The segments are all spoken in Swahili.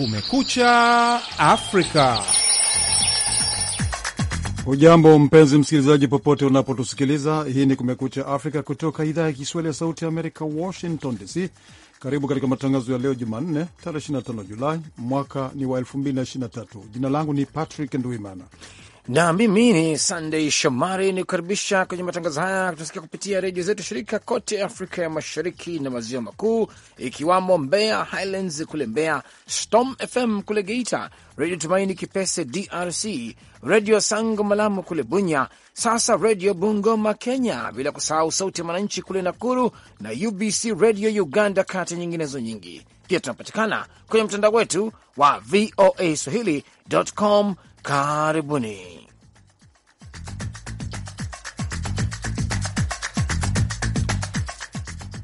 Kumekucha Afrika. Hujambo mpenzi msikilizaji, popote unapotusikiliza. Hii ni Kumekucha Afrika kutoka idhaa ya Kiswahili ya Sauti ya Amerika, Washington DC. Karibu katika matangazo ya leo Jumanne, tarehe 25 Julai, mwaka ni wa 2023. Jina langu ni Patrick Ndwimana na mimi ni Sunday Shomari ni kukaribisha kwenye matangazo haya. Tunasikia kupitia redio zetu shirika kote Afrika ya Mashariki na Maziwa Makuu, ikiwamo Mbeya Highlands kule Mbeya, Storm FM kule Geita, Redio Tumaini Kipese DRC, Redio Sango Malamu kule Bunya, sasa Redio Bungoma Kenya, bila kusahau Sauti ya Mwananchi kule Nakuru na UBC Redio Uganda, kati nyinginezo nyingi. Pia tunapatikana kwenye mtandao wetu wa VOA swahili.com Karibuni.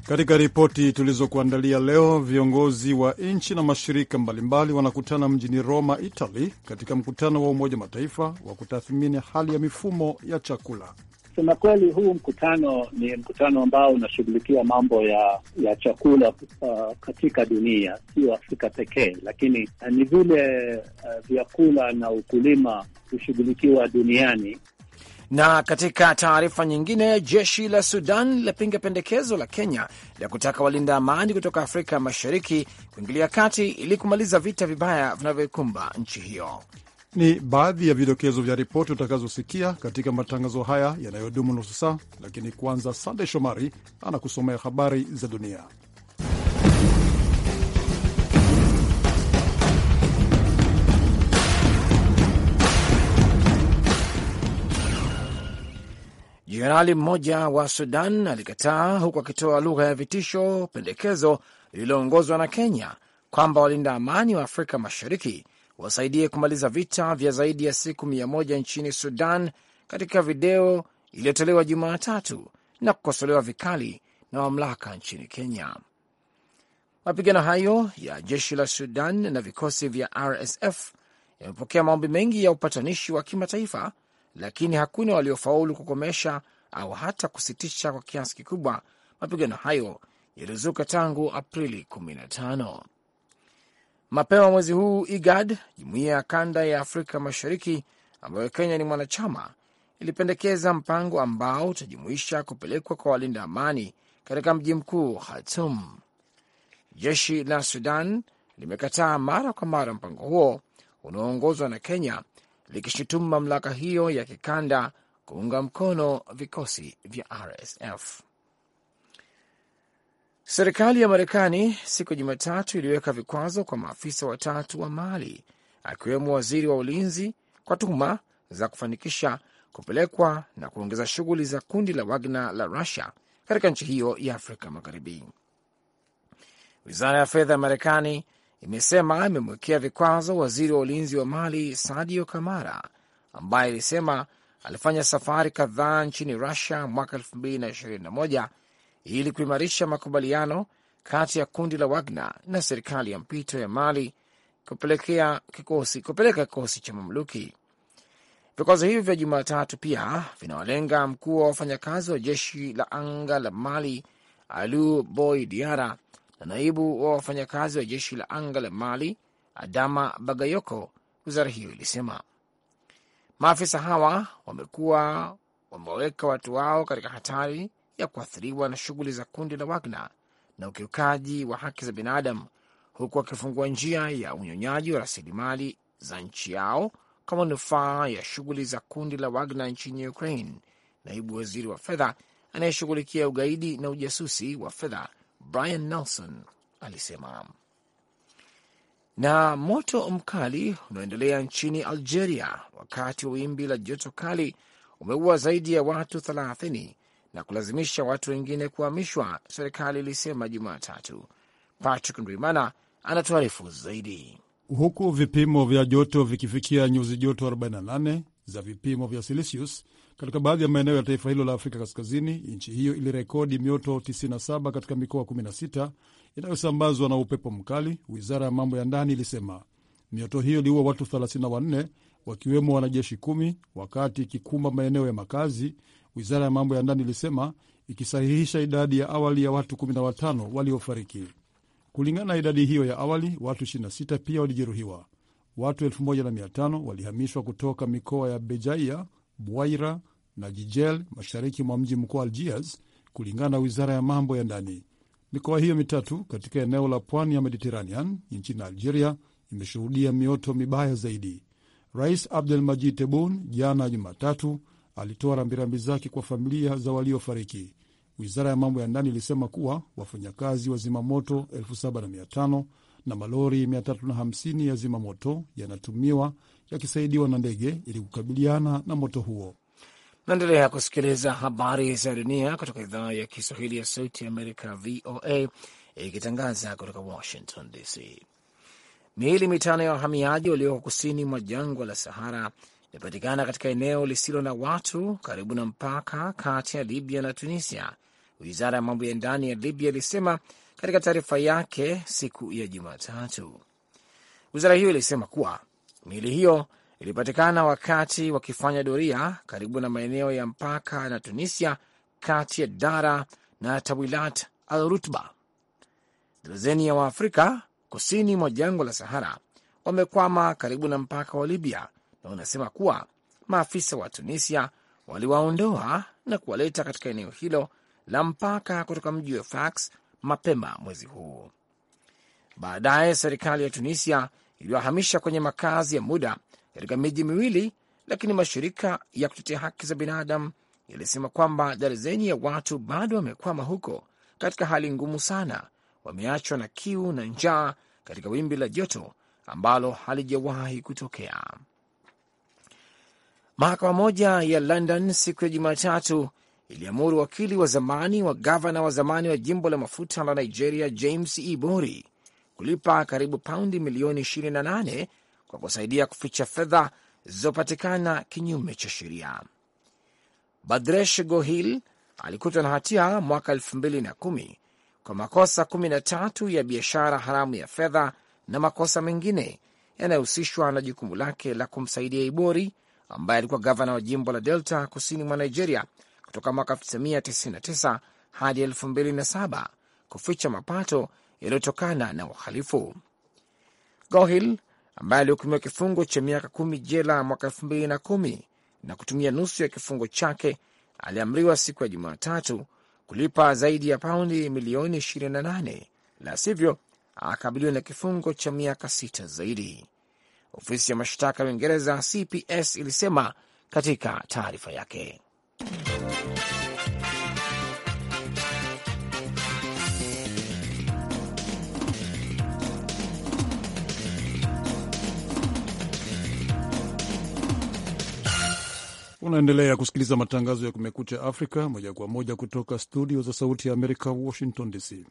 Katika ripoti tulizokuandalia leo, viongozi wa nchi na mashirika mbalimbali wanakutana mjini Roma, Italy, katika mkutano wa Umoja Mataifa wa kutathmini hali ya mifumo ya chakula. Kusema kweli, huu mkutano ni mkutano ambao unashughulikia mambo ya ya chakula uh, katika dunia, sio Afrika pekee, lakini uh, ni vile uh, vyakula na ukulima hushughulikiwa duniani. Na katika taarifa nyingine, jeshi la Sudan lapinga pendekezo la Kenya la kutaka walinda amani kutoka Afrika Mashariki kuingilia kati ili kumaliza vita vibaya vinavyoikumba nchi hiyo. Ni baadhi ya vidokezo vya ripoti utakazosikia katika matangazo haya yanayodumu nusu saa, lakini kwanza, Sandey Shomari anakusomea habari za dunia. Jenerali mmoja wa Sudan alikataa huku akitoa lugha ya vitisho pendekezo lililoongozwa na Kenya kwamba walinda amani wa Afrika Mashariki wasaidie kumaliza vita vya zaidi ya siku mia moja nchini Sudan, katika video iliyotolewa Jumatatu na kukosolewa vikali na mamlaka nchini Kenya. Mapigano hayo ya jeshi la Sudan na vikosi vya RSF yamepokea maombi mengi ya upatanishi wa kimataifa, lakini hakuna waliofaulu kukomesha au hata kusitisha kwa kiasi kikubwa mapigano hayo yaliyozuka tangu Aprili 15. Mapema mwezi huu IGAD, jumuiya ya kanda ya Afrika Mashariki ambayo Kenya ni mwanachama, ilipendekeza mpango ambao utajumuisha kupelekwa kwa walinda amani katika mji mkuu Khartoum. Jeshi la Sudan limekataa mara kwa mara mpango huo unaoongozwa na Kenya, likishutumu mamlaka hiyo ya kikanda kuunga mkono vikosi vya RSF. Serikali ya Marekani siku ya Jumatatu iliweka vikwazo kwa maafisa watatu wa Mali, akiwemo waziri wa ulinzi kwa tuhuma za kufanikisha kupelekwa na kuongeza shughuli za kundi la Wagner la Russia katika nchi hiyo ya Afrika Magharibi. Wizara ya fedha ya Marekani imesema imemwekea vikwazo waziri wa ulinzi wa Mali Sadio Kamara ambaye ilisema alifanya safari kadhaa nchini Russia mwaka 2021 ili kuimarisha makubaliano kati ya kundi la Wagner na serikali ya mpito ya Mali kupeleka kikosi, kikosi cha mamluki. Vikwazo hivyo vya Jumatatu pia vinawalenga mkuu wa wafanyakazi wa jeshi la anga la Mali Alu Boy Diara na naibu wa wafanyakazi wa jeshi la anga la Mali Adama Bagayoko. Wizara hiyo ilisema maafisa hawa wamekuwa wamewaweka watu wao katika hatari ya kuathiriwa na shughuli za kundi la Wagner na ukiukaji wa haki za binadamu, huku akifungua njia ya unyonyaji wa rasilimali za nchi yao kwa manufaa ya shughuli za kundi la Wagner nchini Ukraine. Naibu waziri wa fedha anayeshughulikia ugaidi na ujasusi wa fedha Brian Nelson alisema. Na moto mkali unaoendelea nchini Algeria wakati wa wimbi la joto kali umeua zaidi ya watu 30 na kulazimisha watu wengine kuhamishwa, serikali ilisema Jumatatu. Patrick Ndwimana anatuarifu zaidi. Huku vipimo vya joto vikifikia nyuzi joto 48 za vipimo vya Celsius katika baadhi ya maeneo ya taifa hilo la Afrika Kaskazini, nchi hiyo ilirekodi mioto 97 katika mikoa 16 inayosambazwa na upepo mkali, wizara ya mambo ya ndani ilisema. Mioto hiyo iliua watu 34 wakiwemo wanajeshi kumi wakati ikikumba maeneo ya makazi Wizara ya mambo ya ndani ilisema ikisahihisha idadi ya awali ya watu 15 waliofariki. Kulingana na idadi hiyo ya awali, watu 26 pia walijeruhiwa. Watu 1500 walihamishwa kutoka mikoa ya Bejaia, Bwaira na Jijel mashariki mwa mji mkuu Algiers, kulingana na wizara ya mambo ya ndani. Mikoa hiyo mitatu katika eneo la pwani ya Mediterranean nchini Algeria imeshuhudia mioto mibaya zaidi. Rais Abdel Majid tebun jana Jumatatu alitoa rambirambi zake kwa familia za waliofariki. Wizara ya mambo ya ndani ilisema kuwa wafanyakazi wa zimamoto 75 na malori 350 ya zimamoto yanatumiwa yakisaidiwa na ndege ili kukabiliana na moto huo. Naendelea kusikiliza habari za dunia kutoka idhaa ya Kiswahili ya Sauti ya Amerika, VOA, ikitangaza kutoka Washington DC. Miili mitano ya wahamiaji walioko kusini mwa jangwa la Sahara inapatikana katika eneo lisilo na watu karibu na mpaka kati ya Libya na Tunisia, wizara ya mambo ya ndani ya Libya ilisema katika taarifa yake siku ya Jumatatu. Wizara hiyo ilisema kuwa miili hiyo ilipatikana wakati wakifanya doria karibu na maeneo ya mpaka na Tunisia, kati ya Dara na Tawilat al Rutba. Darazeni ya Waafrika kusini mwa jangwa la Sahara wamekwama karibu na mpaka wa Libya na wanasema kuwa maafisa wa Tunisia waliwaondoa na kuwaleta katika eneo hilo la mpaka kutoka mji wa Fax mapema mwezi huu. Baadaye serikali ya Tunisia iliwahamisha kwenye makazi ya muda katika miji miwili, lakini mashirika ya kutetea haki za binadamu yalisema kwamba darzeni ya watu bado wamekwama huko katika hali ngumu sana, wameachwa na kiu na njaa katika wimbi la joto ambalo halijawahi kutokea. Mahakama moja ya London siku ya Jumatatu iliamuru wakili wa zamani wa gavana wa zamani wa jimbo la mafuta la Nigeria James Ibori e. kulipa karibu paundi milioni 28 kwa kusaidia kuficha fedha zilizopatikana kinyume cha sheria. Badresh Gohil alikutwa na hatia mwaka 2010 kwa makosa 13 ya biashara haramu ya fedha na makosa mengine yanayohusishwa na jukumu lake la kumsaidia Ibori ambaye alikuwa gavana wa jimbo la Delta kusini mwa Nigeria kutoka mwaka 1999 hadi 2007 kuficha mapato yaliyotokana na uhalifu. Gohil ambaye alihukumiwa kifungo cha miaka kumi jela mwaka 2010 na kutumia nusu ya kifungo chake, aliamriwa siku ya Jumatatu kulipa zaidi ya paundi milioni 28, la sivyo akabiliwa na kifungo cha miaka sita zaidi ofisi ya mashtaka ya Uingereza CPS ilisema katika taarifa yake. Unaendelea kusikiliza matangazo ya Kumekucha Afrika moja kwa moja kutoka studio za Sauti ya Amerika, Washington DC.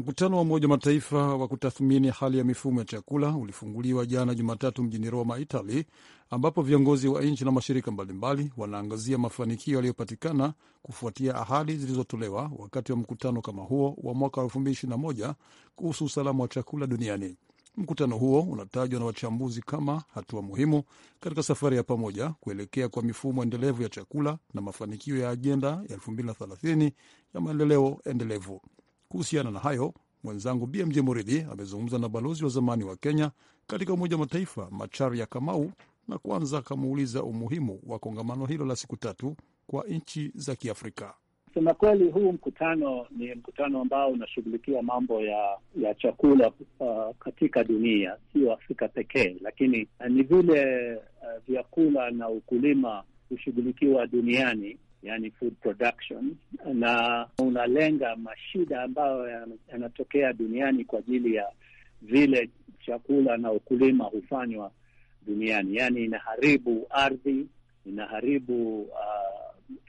Mkutano wa Umoja wa Mataifa wa kutathmini hali ya mifumo ya chakula ulifunguliwa jana Jumatatu mjini Roma, Italy, ambapo viongozi wa nchi na mashirika mbalimbali wanaangazia mafanikio yaliyopatikana kufuatia ahadi zilizotolewa wakati wa mkutano kama huo wa mwaka 2021 kuhusu usalama wa chakula duniani. Mkutano huo unatajwa na wachambuzi kama hatua muhimu katika safari ya pamoja kuelekea kwa mifumo endelevu ya chakula na mafanikio ya ajenda ya 2030 ya maendeleo endelevu. Kuhusiana na hayo, mwenzangu BMJ moridhi amezungumza na balozi wa zamani wa Kenya katika Umoja wa Mataifa Macharia Kamau na kwanza akamuuliza umuhimu wa kongamano hilo la siku tatu kwa nchi za Kiafrika. Kusema kweli, huu mkutano ni mkutano ambao unashughulikia mambo ya ya chakula uh, katika dunia, sio Afrika pekee, lakini uh, ni vile uh, vyakula na ukulima hushughulikiwa duniani yani food production, na unalenga mashida ambayo yanatokea duniani kwa ajili ya vile chakula na ukulima hufanywa duniani. Yani inaharibu ardhi, inaharibu uh,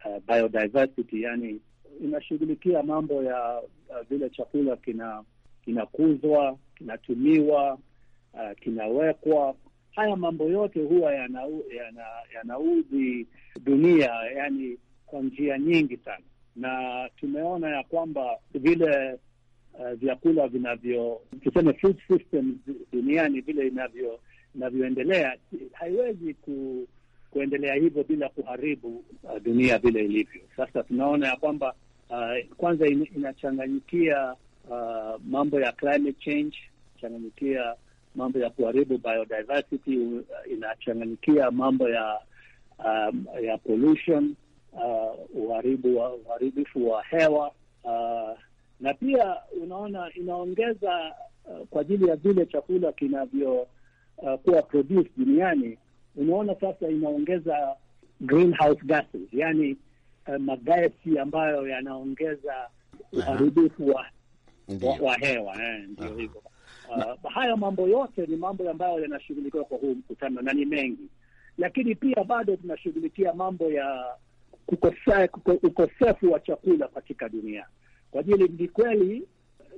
uh, biodiversity, yani inashughulikia mambo ya uh, vile chakula kina kinakuzwa, kinatumiwa, uh, kinawekwa. Haya mambo yote huwa yanaudhi yana, yana dunia yani kwa njia nyingi sana, na tumeona ya kwamba vile uh, vyakula vinavyo tuseme food duniani vile inavyo inavyoendelea haiwezi ku, kuendelea hivyo bila kuharibu uh, dunia vile ilivyo sasa. Tunaona ya kwamba uh, kwanza in, inachanganyikia uh, mambo ya climate change, inachanganyikia mambo ya kuharibu biodiversity, uh, inachanganyikia mambo ya um, ya pollution Uh, uharibu uh, wa hewa uh, na pia unaona inaongeza uh, kwa ajili ya vile chakula kinavyokuwa uh, produce duniani. Unaona sasa inaongeza greenhouse gases, yani uh, magasi ambayo yanaongeza uharibifu wa, wa, wa hewa eh, ndio hivyo. Uh, haya mambo yote ni mambo ambayo yanashughulikiwa kwa huu mkutano na ni mengi, lakini pia bado tunashughulikia mambo ya ukosefu wa chakula katika dunia. Kwa ajili ni kweli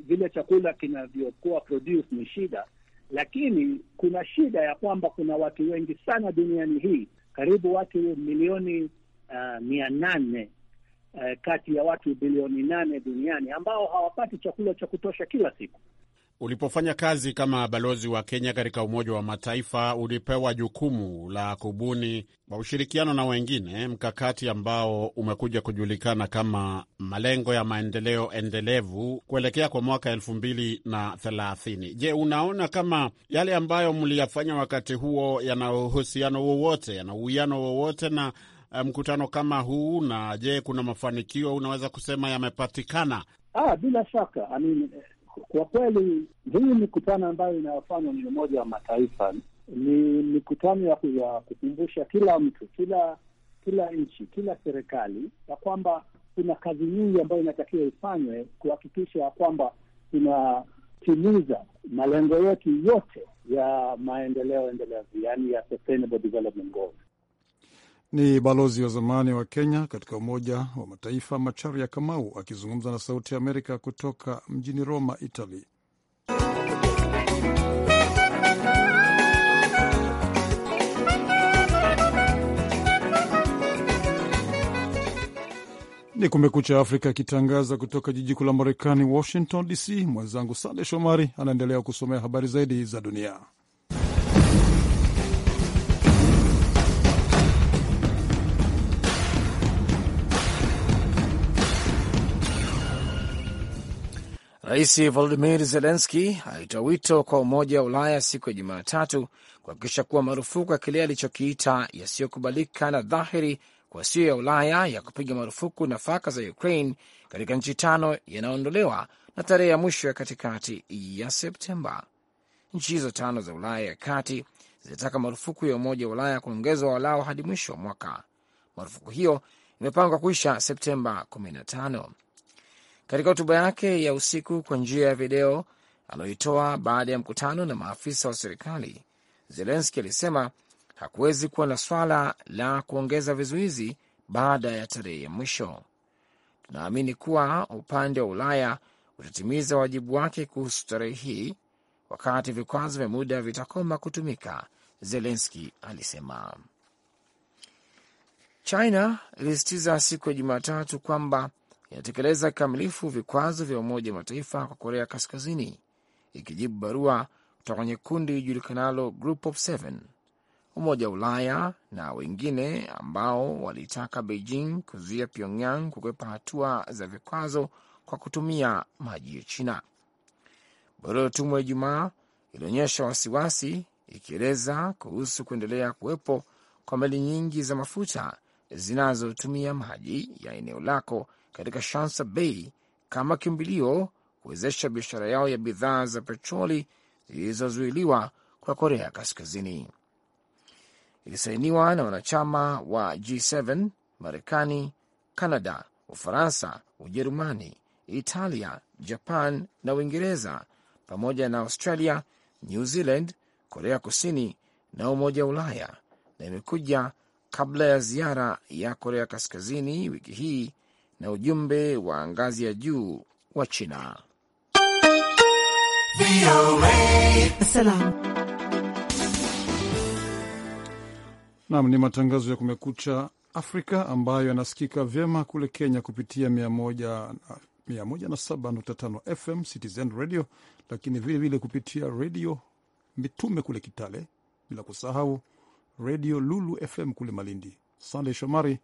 vile chakula kinavyokuwa produce ni shida, lakini kuna shida ya kwamba kuna watu wengi sana duniani hii, karibu watu milioni uh, mia nane uh, kati ya watu bilioni nane duniani ambao hawapati chakula cha kutosha kila siku. Ulipofanya kazi kama balozi wa Kenya katika Umoja wa Mataifa, ulipewa jukumu la kubuni kwa ushirikiano na wengine mkakati ambao umekuja kujulikana kama malengo ya maendeleo endelevu kuelekea kwa mwaka elfu mbili na thelathini. Je, unaona kama yale ambayo mliyafanya wakati huo yana uhusiano wowote, yana uwiano wowote na eh, mkutano kama huu? Na je, kuna mafanikio unaweza kusema yamepatikana? Ah, bila shaka I mean, kwa kweli hii mikutano ambayo inayofanywa ni Umoja wa Mataifa ni mikutano ya kukumbusha kila mtu, kila kila nchi, kila serikali ya kwamba kuna kazi nyingi ambayo inatakiwa ifanywe kuhakikisha kwamba tunatimiza malengo yetu yote ya maendeleo endelevu, yaani ya sustainable development goals. Ni balozi wa zamani wa Kenya katika Umoja wa Mataifa Macharia Kamau akizungumza na Sauti ya Amerika kutoka mjini Roma, Italy. Ni Kumekucha Afrika akitangaza kutoka jiji kuu la Marekani, Washington DC. Mwenzangu Sande Shomari anaendelea kusomea habari zaidi za dunia. Rais Volodimir Zelenski alitoa wito kwa Umoja wa Ulaya siku ya Jumatatu kuhakikisha kuwa marufuku ya kile alichokiita yasiyokubalika na dhahiri kwa sio ya Ulaya ya kupiga marufuku nafaka za Ukraine katika nchi tano yanaondolewa na tarehe ya mwisho ya katikati ya Septemba. Nchi hizo tano za Ulaya ya kati zilitaka marufuku ya Umoja wa Ulaya kuongezwa walao hadi mwisho wa mwaka. Marufuku hiyo imepangwa kuisha Septemba 15. Katika hotuba yake ya usiku kwa njia ya video aliyoitoa baada ya mkutano na maafisa wa serikali, Zelenski alisema hakuwezi kuwa na swala la kuongeza vizuizi baada ya tarehe ya mwisho. Tunaamini kuwa upande wa Ulaya utatimiza wajibu wake kuhusu tarehe hii wakati vikwazo vya muda vitakoma kutumika, Zelenski alisema. China ilisitiza siku ya Jumatatu kwamba inatekeleza kikamilifu vikwazo vya Umoja wa Mataifa kwa Korea Kaskazini, ikijibu barua kutoka kwenye kundi lijulikanalo Group of Seven, Umoja wa Ulaya na wengine ambao walitaka Beijing kuzuia Pyongyang kukwepa hatua za vikwazo kwa kutumia maji ya China. Barua iliyotumwa Ijumaa ilionyesha wasiwasi, ikieleza kuhusu kuendelea kuwepo kwa meli nyingi za mafuta zinazotumia maji ya eneo lako katika Shansa Bay kama kimbilio kuwezesha biashara yao ya bidhaa za petroli zilizozuiliwa kwa Korea Kaskazini. Ilisainiwa na wanachama wa G7, Marekani, Kanada, Ufaransa, Ujerumani, Italia, Japan na Uingereza pamoja na Australia, New Zealand, Korea Kusini na Umoja wa Ulaya, na imekuja kabla ya ziara ya Korea Kaskazini wiki hii na ujumbe wa ngazi ya juu wa China. Nam ni matangazo ya Kumekucha Afrika ambayo yanasikika vyema kule Kenya kupitia 107.5 FM Citizen Radio, lakini vilevile kupitia redio Mitume kule Kitale, bila kusahau redio Lulu FM kule Malindi. Sandey Shomari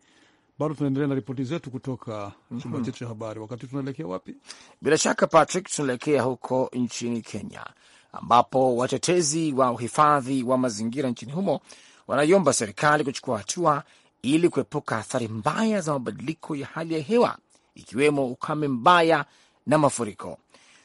bado tunaendelea na ripoti zetu kutoka chumba mhm. chetu cha habari. Wakati tunaelekea wapi? Bila shaka, Patrick, tunaelekea huko nchini Kenya ambapo watetezi wa uhifadhi wa mazingira nchini humo wanaiomba serikali kuchukua hatua ili kuepuka athari mbaya za mabadiliko ya hali ya hewa ikiwemo ukame mbaya na mafuriko.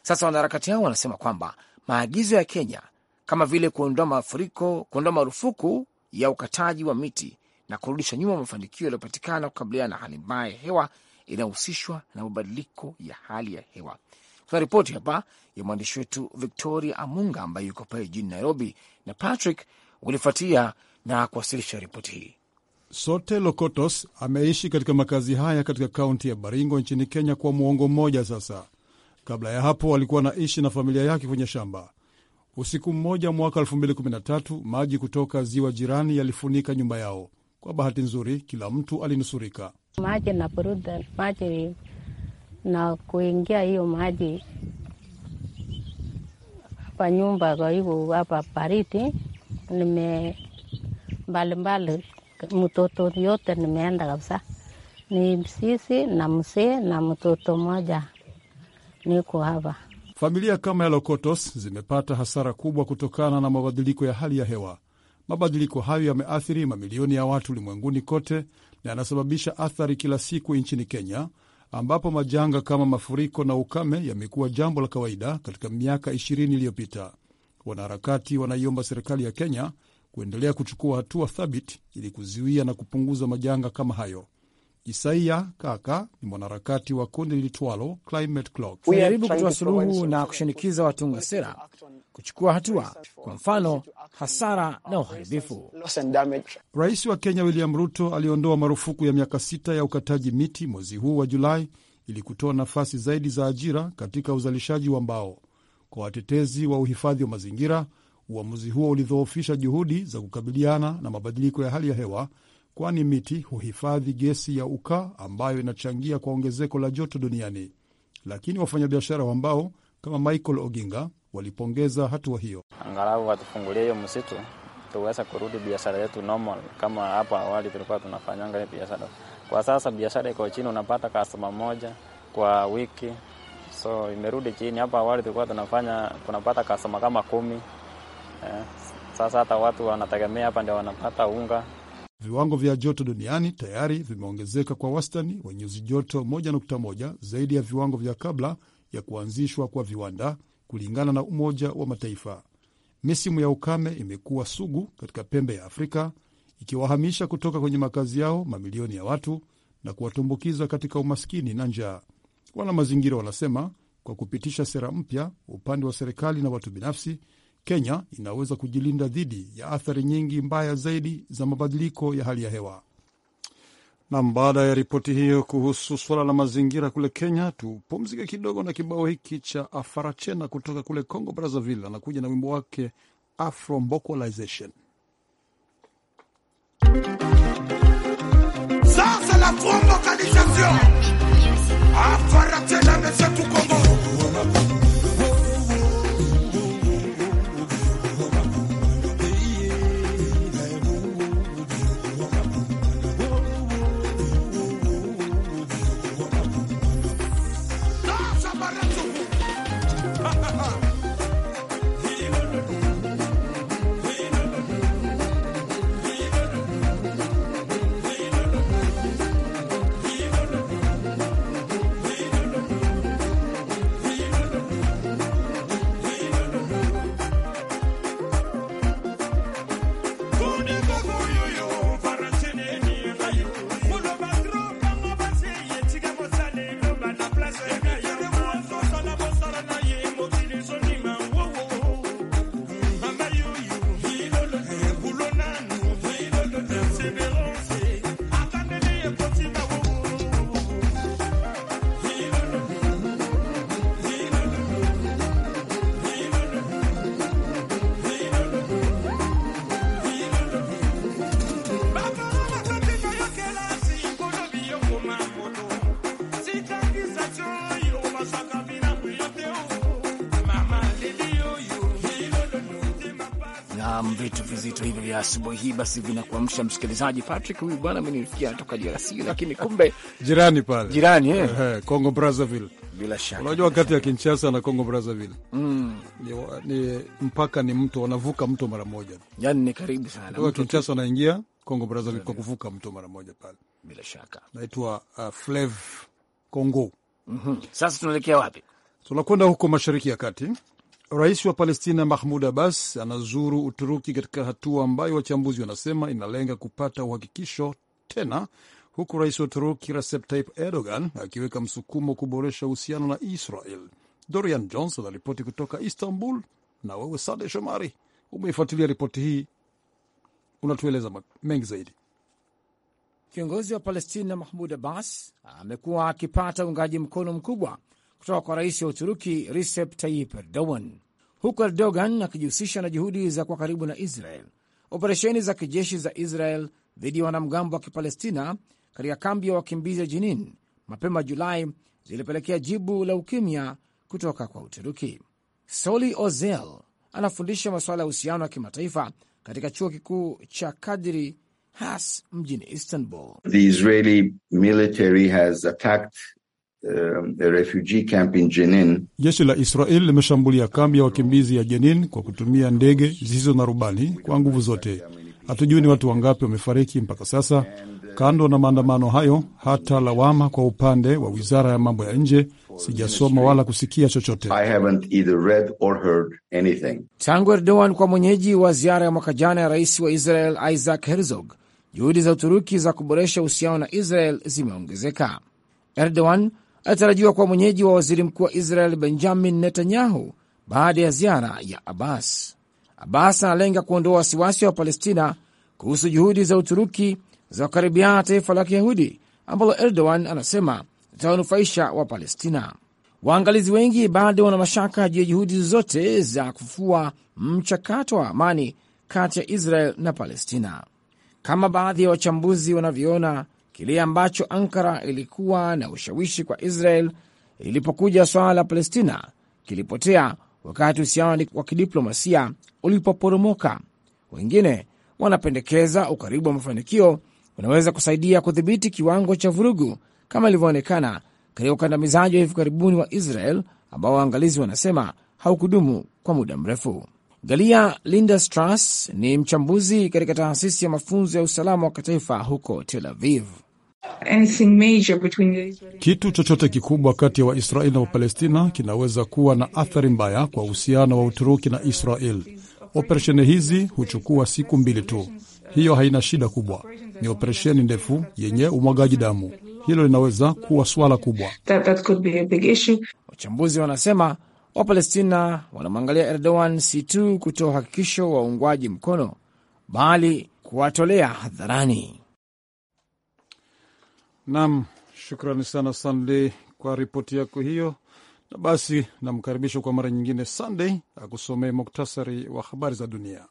Sasa wanaharakati hao wanasema kwamba maagizo ya Kenya kama vile kuondoa mafuriko, kuondoa marufuku ya ukataji wa miti na kurudisha nyuma mafanikio yaliyopatikana kukabiliana na hali mbaya ya hewa inayohusishwa na mabadiliko ya hali ya hewa. Tuna ripoti hapa ya mwandishi wetu Victoria Amunga ambaye yuko pale jijini Nairobi, na Patrick ulifuatia na kuwasilisha ripoti hii. Sote Lokotos ameishi katika makazi haya katika kaunti ya Baringo nchini Kenya kwa muongo mmoja sasa. Kabla ya hapo alikuwa anaishi na familia yake kwenye shamba. Usiku mmoja mwaka 2013 maji kutoka ziwa jirani yalifunika nyumba yao. Kwa bahati nzuri, kila mtu alinusurika maji na buruda maji na kuingia hiyo maji hapa nyumba. Kwa hivyo hapa pariti nime mbalimbali, mtoto yote nimeenda kabisa, ni msisi na msee na mtoto mmoja niko hapa. Familia kama ya Lokotos zimepata hasara kubwa kutokana na mabadiliko ya hali ya hewa. Mabadiliko hayo yameathiri mamilioni ya watu ulimwenguni kote na yanasababisha athari kila siku nchini Kenya, ambapo majanga kama mafuriko na ukame yamekuwa jambo la kawaida katika miaka 20 iliyopita. Wanaharakati wanaiomba serikali ya Kenya kuendelea kuchukua hatua thabiti ili kuzuia na kupunguza majanga kama hayo. Isaia Kaka ni mwanaharakati wa kundi lilitwalo Climate Clock. Tunajaribu kutoa suluhu na kushinikiza watunga sera kuchukua hatua, kwa mfano hasara na uharibifu. Rais wa Kenya William Ruto aliondoa marufuku ya miaka sita ya ukataji miti mwezi huu wa Julai ili kutoa nafasi zaidi za ajira katika uzalishaji wa mbao. Kwa watetezi wa uhifadhi wa mazingira, uamuzi huo ulidhoofisha juhudi za kukabiliana na mabadiliko ya hali ya hewa, kwani miti huhifadhi gesi ya ukaa ambayo inachangia kwa ongezeko la joto duniani. Lakini wafanyabiashara wa mbao kama Michael Oginga walipongeza hatua wa hiyo. Angalau watufungulie hiyo msitu tuweze kurudi biashara yetu normal kama hapo awali tulikuwa tunafanyanga hiyo biashara. Kwa sasa biashara iko chini, unapata kastoma moja kwa wiki, so imerudi chini. Hapo awali tulikuwa tunafanya tunapata kastoma kama kumi. Eh, sasa hata watu wanategemea hapa ndio wanapata unga. Viwango vya joto duniani tayari vimeongezeka kwa wastani wa nyuzi joto 1.1 zaidi ya viwango vya kabla ya kuanzishwa kwa viwanda kulingana na Umoja wa Mataifa. Misimu ya ukame imekuwa sugu katika pembe ya Afrika, ikiwahamisha kutoka kwenye makazi yao mamilioni ya watu na kuwatumbukiza katika umaskini na njaa. Wana mazingira wanasema kwa kupitisha sera mpya upande wa serikali na watu binafsi, Kenya inaweza kujilinda dhidi ya athari nyingi mbaya zaidi za mabadiliko ya hali ya hewa. Nam, baada ya ripoti hiyo kuhusu suala la mazingira kule Kenya, tupumzike kidogo na kibao hiki cha Afarachena kutoka kule Congo Brazzaville. Anakuja na wimbo wake Afro Mbocolaization. Afarachena mesetu Naam, vitu vizito hivyo vya asubuhi hii basi vinakuamsha msikilizaji. Patrick, huyu bwana amenifikia kutoka DRC, lakini kumbe jirani pale, jirani eh, eh, Congo Brazzaville. Bila shaka unajua kati ya Kinshasa na Congo Brazzaville mm. ni, ni mpaka ni mto, wanavuka mto mara moja, yani ni karibu sana kutoka Kinshasa wanaingia Congo Brazzaville kwa kuvuka mto mara moja pale, bila shaka naitwa uh, Fleuve Congo. mm -hmm. Sasa tunaelekea wapi? Tunakwenda huko mashariki ya kati Rais wa Palestina Mahmud Abbas anazuru Uturuki katika hatua ambayo wachambuzi wanasema inalenga kupata uhakikisho tena, huku rais wa Uturuki Recep Tayyip Erdogan akiweka msukumo kuboresha uhusiano na Israel. Dorian johnson aripoti kutoka Istanbul na wewe Sade Shomari umeifuatilia ripoti hii, unatueleza mengi zaidi. Kiongozi wa Palestina Mahmud Abbas amekuwa akipata uungaji mkono mkubwa kutoka kwa rais wa Uturuki Recep Tayyip Erdogan huku Erdogan akijihusisha na juhudi za kuwa karibu na Israel. Operesheni za kijeshi za Israel dhidi ya wanamgambo wa Kipalestina katika kambi ya wakimbizi ya Jenin mapema Julai zilipelekea jibu la ukimya kutoka kwa Uturuki. Soli Ozel anafundisha masuala ya uhusiano wa kimataifa katika chuo kikuu cha Kadri Has mjini Istanbul. The Israeli military has attacked Uh, refugee camp in Jenin. Jeshi la Israel limeshambulia kambi ya wakimbizi ya Jenin kwa kutumia ndege zisizo na rubani kwa nguvu zote. Hatujui ni watu wangapi wamefariki mpaka sasa. Kando na maandamano hayo, hata lawama kwa upande wa Wizara ya Mambo ya Nje sijasoma wala kusikia chochote. Tangu Erdogan kwa mwenyeji wa ziara ya mwaka jana ya Rais wa Israel Isaac Herzog, juhudi za Uturuki za kuboresha uhusiano na Israel zimeongezeka. Erdogan anatarajiwa kuwa mwenyeji wa waziri mkuu wa Israel Benjamin Netanyahu baada ya ziara ya Abbas. Abbas analenga kuondoa wasiwasi wa Palestina kuhusu juhudi za Uturuki za kukaribiana taifa la Kiyahudi ambalo Erdogan anasema litawanufaisha wa Palestina. Waangalizi wengi bado wana mashaka juu ya juhudi zozote za kufufua mchakato wa amani kati ya Israel na Palestina. Kama baadhi ya wachambuzi wanavyoona, kile ambacho Ankara ilikuwa na ushawishi kwa Israel ilipokuja swala la Palestina kilipotea wakati uhusiano wa kidiplomasia ulipoporomoka. Wengine wanapendekeza ukaribu wa mafanikio unaweza kusaidia kudhibiti kiwango cha vurugu kama ilivyoonekana katika ukandamizaji wa hivi karibuni wa Israel ambao waangalizi wanasema haukudumu kwa muda mrefu. Galia stras ni mchambuzi katika taasisi ya mafunzo ya usalama wa kitaifa huko Tel Aviv. Kitu chochote kikubwa kati ya Waisraeli na Wapalestina kinaweza kuwa na athari mbaya kwa uhusiano wa Uturuki na Israel. Operesheni hizi huchukua siku mbili tu, hiyo haina shida kubwa. Ni operesheni ndefu yenye umwagaji damu, hilo linaweza kuwa swala kubwa. Wachambuzi wanasema Wapalestina wanamwangalia Erdogan si tu kutoa uhakikisho wa uungwaji mkono, bali kuwatolea hadharani. Nam, shukrani sana Sandey kwa ripoti yako hiyo. Na basi namkaribisha kwa mara nyingine Sandey akusomee muktasari wa habari za dunia.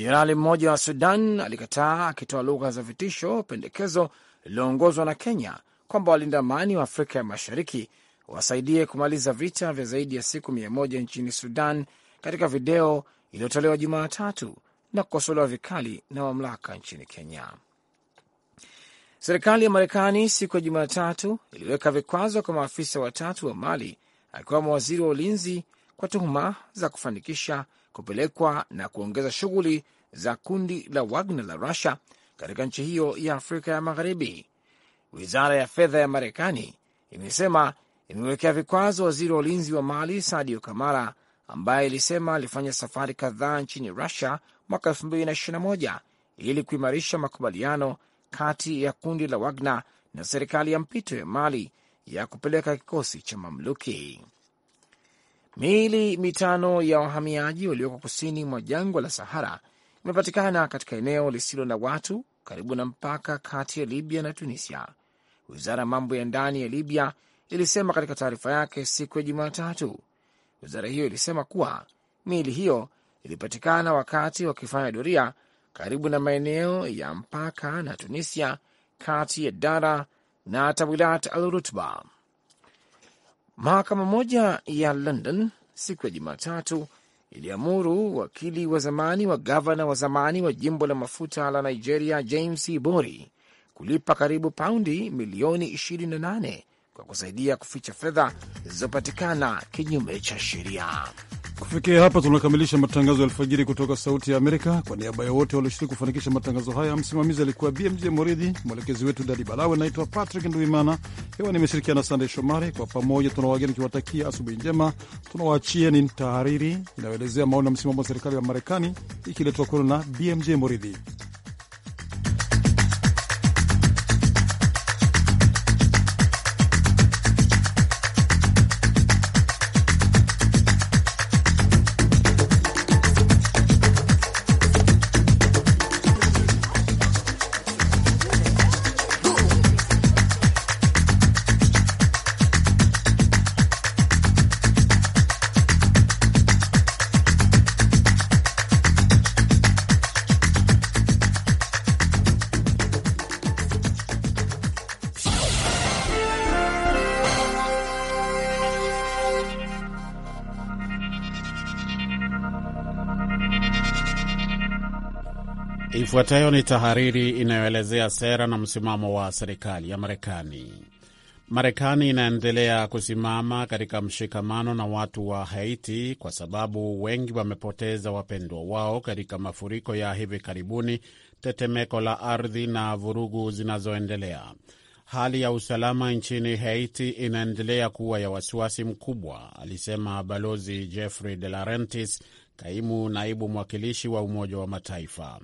Jenerali mmoja wa Sudan alikataa akitoa lugha za vitisho pendekezo lililoongozwa na Kenya kwamba walinda amani wa Afrika ya Mashariki wasaidie kumaliza vita vya zaidi ya siku mia moja nchini Sudan katika video iliyotolewa Jumatatu na kukosolewa vikali na mamlaka nchini Kenya. Serikali ya Marekani siku ya Jumatatu iliweka vikwazo kwa maafisa watatu wa Mali akiwamo waziri wa ulinzi kwa tuhuma za kufanikisha kupelekwa na kuongeza shughuli za kundi la Wagner la Rusia katika nchi hiyo ya Afrika ya Magharibi. Wizara ya fedha ya Marekani imesema imewekea vikwazo waziri wa ulinzi wa Mali Sadio Kamara ambaye ilisema alifanya safari kadhaa nchini Rusia mwaka 2021 ili kuimarisha makubaliano kati ya kundi la Wagner na serikali ya mpito ya Mali ya kupeleka kikosi cha mamluki. Miili mitano ya wahamiaji walioko kusini mwa jangwa la Sahara imepatikana katika eneo lisilo na watu karibu na mpaka kati ya Libya na Tunisia. Wizara ya mambo ya ndani ya Libya ilisema katika taarifa yake siku ya Jumatatu. Wizara hiyo ilisema kuwa miili hiyo ilipatikana wakati wakifanya doria karibu na maeneo ya mpaka na Tunisia, kati ya Dara na Tawilat al Rutba. Mahakama moja ya London siku ya Jumatatu iliamuru wakili wa zamani wa gavana wa zamani wa jimbo la mafuta la Nigeria James Ibori kulipa karibu paundi milioni 28 kwa kusaidia kuficha fedha zilizopatikana kinyume cha sheria. Kufikia hapa tunakamilisha matangazo ya alfajiri kutoka Sauti ya Amerika. Kwa niaba ya wote walioshiriki kufanikisha matangazo haya, msimamizi alikuwa BMJ Moridhi, mwelekezi wetu Dadi Balawe. Naitwa Patrick Nduimana, Hewa nimeshirikiana Sandey Shomari. Kwa pamoja tuna wageni kiwatakia asubuhi njema. Tunawaachie ni tahariri inayoelezea maoni na msimamo wa serikali ya Marekani, ikiletwa kwenu na BMJ Moridhi. Ifuatayo ni tahariri inayoelezea sera na msimamo wa serikali ya Marekani. Marekani inaendelea kusimama katika mshikamano na watu wa Haiti kwa sababu wengi wamepoteza wapendwa wao katika mafuriko ya hivi karibuni, tetemeko la ardhi na vurugu zinazoendelea. Hali ya usalama nchini Haiti inaendelea kuwa ya wasiwasi mkubwa, alisema Balozi Jeffrey de Larentis, kaimu naibu mwakilishi wa Umoja wa Mataifa.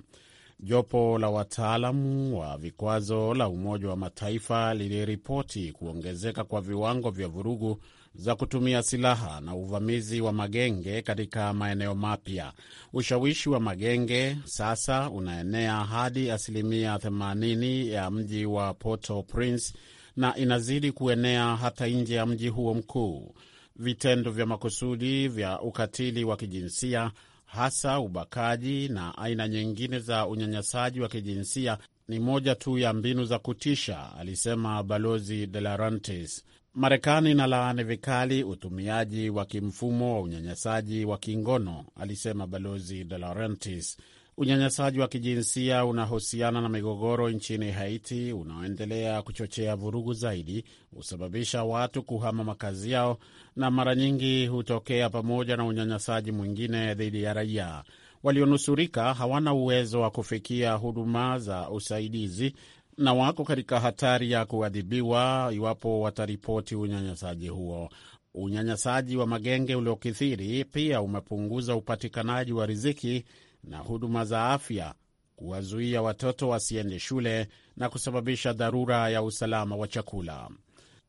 Jopo la wataalamu wa vikwazo la Umoja wa Mataifa liliripoti kuongezeka kwa viwango vya vurugu za kutumia silaha na uvamizi wa magenge katika maeneo mapya. Ushawishi wa magenge sasa unaenea hadi asilimia 80 ya mji wa Port-au-Prince na inazidi kuenea hata nje ya mji huo mkuu. Vitendo vya makusudi vya ukatili wa kijinsia hasa ubakaji na aina nyingine za unyanyasaji wa kijinsia ni moja tu ya mbinu za kutisha, alisema Balozi De Larantis. Marekani laani vikali utumiaji wa kimfumo wa unyanyasaji wa kingono, alisema Balozi De Larantis. Unyanyasaji wa kijinsia unahusiana na migogoro nchini Haiti unaoendelea kuchochea vurugu zaidi, husababisha watu kuhama makazi yao na mara nyingi hutokea pamoja na unyanyasaji mwingine dhidi ya raia. Walionusurika hawana uwezo wa kufikia huduma za usaidizi na wako katika hatari ya kuadhibiwa iwapo wataripoti unyanyasaji huo. Unyanyasaji wa magenge uliokithiri pia umepunguza upatikanaji wa riziki na huduma za afya, kuwazuia watoto wasiende shule na kusababisha dharura ya usalama wa chakula.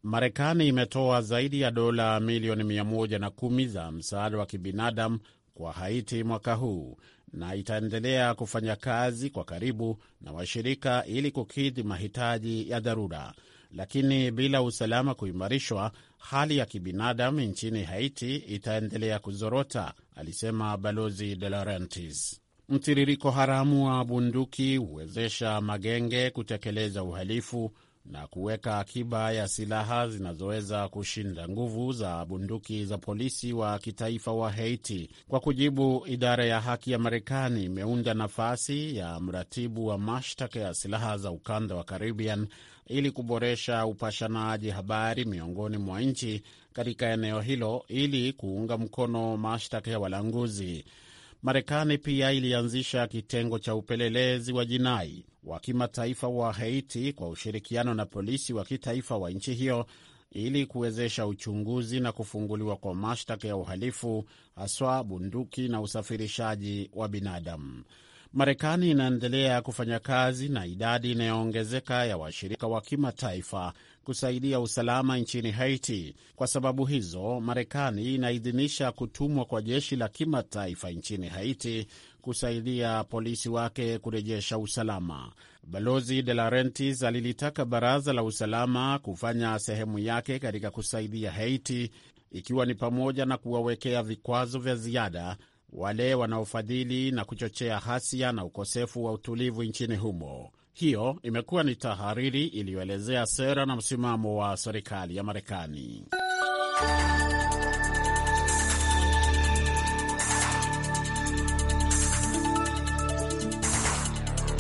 Marekani imetoa zaidi ya dola milioni 110 za msaada wa kibinadamu kwa Haiti mwaka huu na itaendelea kufanya kazi kwa karibu na washirika ili kukidhi mahitaji ya dharura lakini bila usalama kuimarishwa, hali ya kibinadamu nchini Haiti itaendelea kuzorota, alisema Balozi De Laurentiis. Mtiririko haramu wa bunduki huwezesha magenge kutekeleza uhalifu na kuweka akiba ya silaha zinazoweza kushinda nguvu za bunduki za polisi wa kitaifa wa Haiti. Kwa kujibu, idara ya haki ya Marekani imeunda nafasi ya mratibu wa mashtaka ya silaha za ukanda wa Caribbean ili kuboresha upashanaji habari miongoni mwa nchi katika eneo hilo ili kuunga mkono mashtaka ya walanguzi. Marekani pia ilianzisha kitengo cha upelelezi wa jinai wa kimataifa wa Haiti kwa ushirikiano na polisi wa kitaifa wa nchi hiyo ili kuwezesha uchunguzi na kufunguliwa kwa mashtaka ya uhalifu haswa bunduki na usafirishaji wa binadamu. Marekani inaendelea kufanya kazi na idadi inayoongezeka ya washirika wa kimataifa kusaidia usalama nchini Haiti. Kwa sababu hizo, Marekani inaidhinisha kutumwa kwa jeshi la kimataifa nchini Haiti kusaidia polisi wake kurejesha usalama. Balozi De rentis alilitaka Baraza la Usalama kufanya sehemu yake katika kusaidia Haiti, ikiwa ni pamoja na kuwawekea vikwazo vya ziada wale wanaofadhili na kuchochea hasia na ukosefu wa utulivu nchini humo. Hiyo imekuwa ni tahariri iliyoelezea sera na msimamo wa serikali ya Marekani.